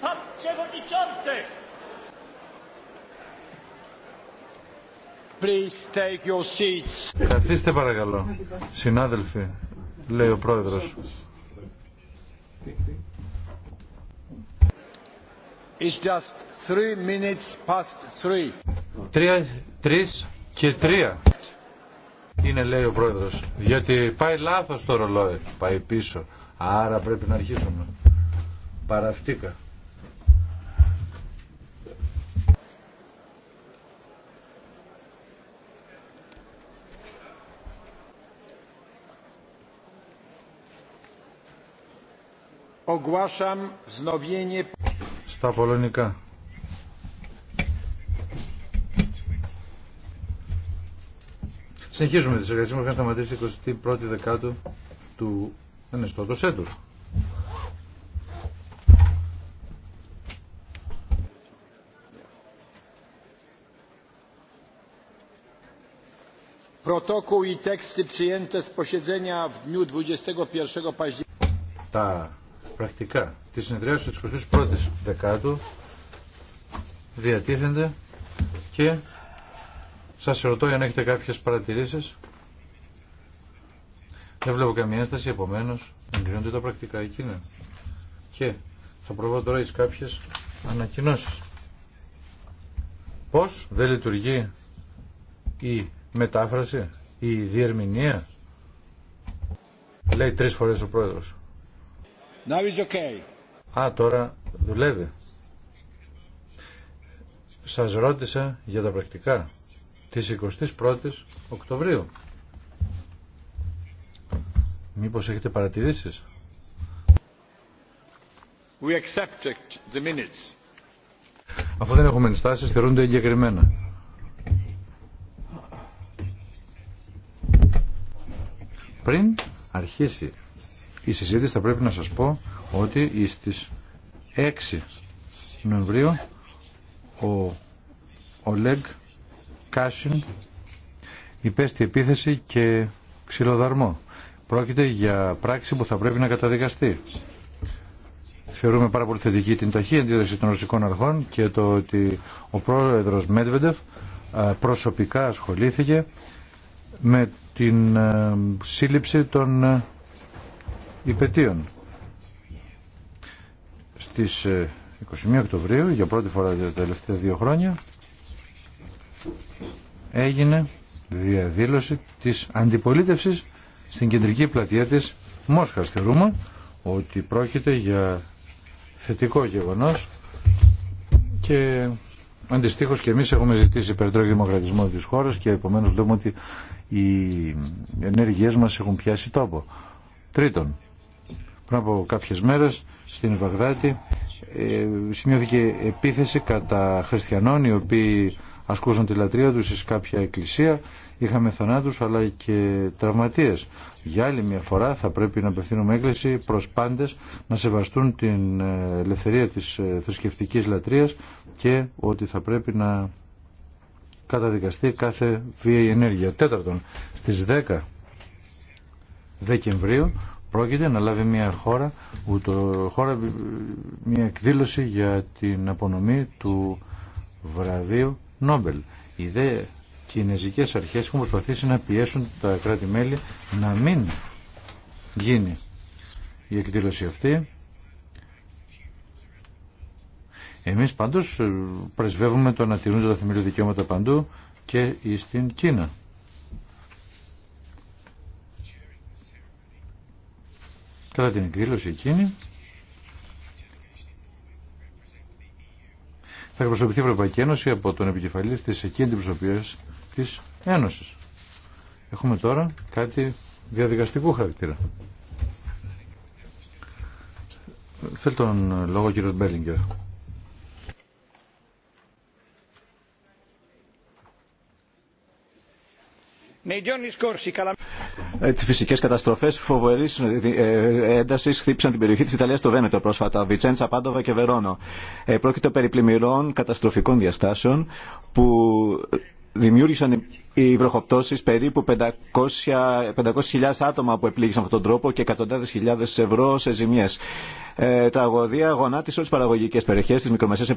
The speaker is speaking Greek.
Pan Przewodniczący! Please take your seats. Καθίστε παρακαλώ, συνάδελφοι, λέει ο πρόεδρος. It's just three minutes past three. Τρία, τρεις και τρία. Είναι λέει ο πρόεδρος, διότι πάει λάθος το ρολόι, πάει πίσω, άρα πρέπει να αρχίσουμε παραυτήκα. Ογκουάσαμ wznowienie... Στα πολωνικά. Συνεχίζουμε τις εργασίες μας, είχαν σταματήσει 21η Δεκάτου του Ενεστώτος ναι, έτους. i teksty przyjęte z posiedzenia w 21 października. Τα πρακτικά τη συνεδρία τη 21 η Δεκάτου διατίθενται και σα ρωτώ αν έχετε κάποιες παρατηρήσεις. Δεν βλέπω καμία ένσταση, επομένως εγκρίνονται τα πρακτικά εκείνα. Και θα προβώ τώρα εις κάποιες ανακοινώσεις. Πώς δεν λειτουργεί η μετάφραση, η διερμηνία. Λέει τρεις φορές ο πρόεδρος. Now it's okay. Α, τώρα δουλεύει. Σας ρώτησα για τα πρακτικά της 21ης Οκτωβρίου. Μήπως έχετε παρατηρήσεις. We accepted the minutes. Αφού δεν έχουμε ενστάσεις, θεωρούνται εγκεκριμένα. Πριν αρχίσει η συζήτηση θα πρέπει να σας πω ότι στις 6 Νοεμβρίου ο ολέγ Κάσιν υπέστη επίθεση και ξυλοδαρμό. Πρόκειται για πράξη που θα πρέπει να καταδικαστεί. Θεωρούμε πάρα πολύ θετική την ταχύ αντίδραση των ρωσικών αρχών και το ότι ο πρόεδρος Μέντβεντεφ προσωπικά ασχολήθηκε με την ε, σύλληψη των ε, υπετίων. Στις 21 ε, Οκτωβρίου, για πρώτη φορά τα τελευταία δύο χρόνια, έγινε διαδήλωση της αντιπολίτευσης στην κεντρική πλατεία της Μόσχας. Θεωρούμε ότι πρόκειται για θετικό γεγονός και Αντιστοίχω και εμεί έχουμε ζητήσει περαιτέρω δημοκρατισμό τη χώρα και επομένω λέμε ότι οι ενέργειέ μα έχουν πιάσει τόπο. Τρίτον, πριν από κάποιε μέρε στην Βαγδάτη ε, σημειώθηκε επίθεση κατά χριστιανών οι οποίοι ασκούσαν τη λατρεία τους σε κάποια εκκλησία. Είχαμε θανάτους αλλά και τραυματίες. Για άλλη μια φορά θα πρέπει να απευθύνουμε έκκληση προς πάντες να σεβαστούν την ε, ελευθερία της ε, θρησκευτική λατρείας και ότι θα πρέπει να καταδικαστεί κάθε βία η ενέργεια. Τέταρτον, στις 10 Δεκεμβρίου πρόκειται να λάβει μια χώρα, χώρα ε, μια εκδήλωση για την απονομή του βραβείου Νόμπελ. Οι δε κινεζικέ αρχέ έχουν προσπαθήσει να πιέσουν τα κράτη-μέλη να μην γίνει η εκδήλωση αυτή. Εμείς πάντως ε, πρεσβεύουμε το να τηρούνται τα θεμελιώδη δικαιώματα παντού και στην Κίνα. Κατά την εκδήλωση εκείνη θα εκπροσωπηθεί η Ευρωπαϊκή Ένωση από τον επικεφαλή τη εκείνη την προσωπία τη Ένωση. Έχουμε τώρα κάτι διαδικαστικού χαρακτήρα. Θέλω τον λόγο κύριος Μπέλιγκερ τι φυσικέ καταστροφέ φοβερή ε, ε, ένταση χτύπησαν την περιοχή τη Ιταλία στο Βένετο πρόσφατα, Βιτσέντσα, Πάντοβα και Βερόνο. Ε, πρόκειται περί πλημμυρών καταστροφικών διαστάσεων που δημιούργησαν οι βροχοπτώσει περίπου 500.000 άτομα που επλήγησαν αυτόν τον τρόπο και εκατοντάδε χιλιάδε ευρώ σε ζημιέ. Ε, τραγωδία γονάτισε όλε τι παραγωγικέ περιοχέ, τι μικρομεσαίε